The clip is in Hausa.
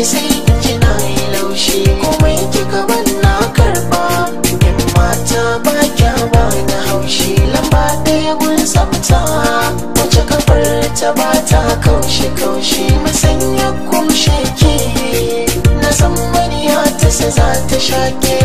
ki sai kina yi laushi komai kika ban na karba in mata ba kya ba na haushi lamba ɗaya gun tsafta wace kafar ta ba ta kaushe kaushe musanya kumshe ke na san maniya ta sa za ta shake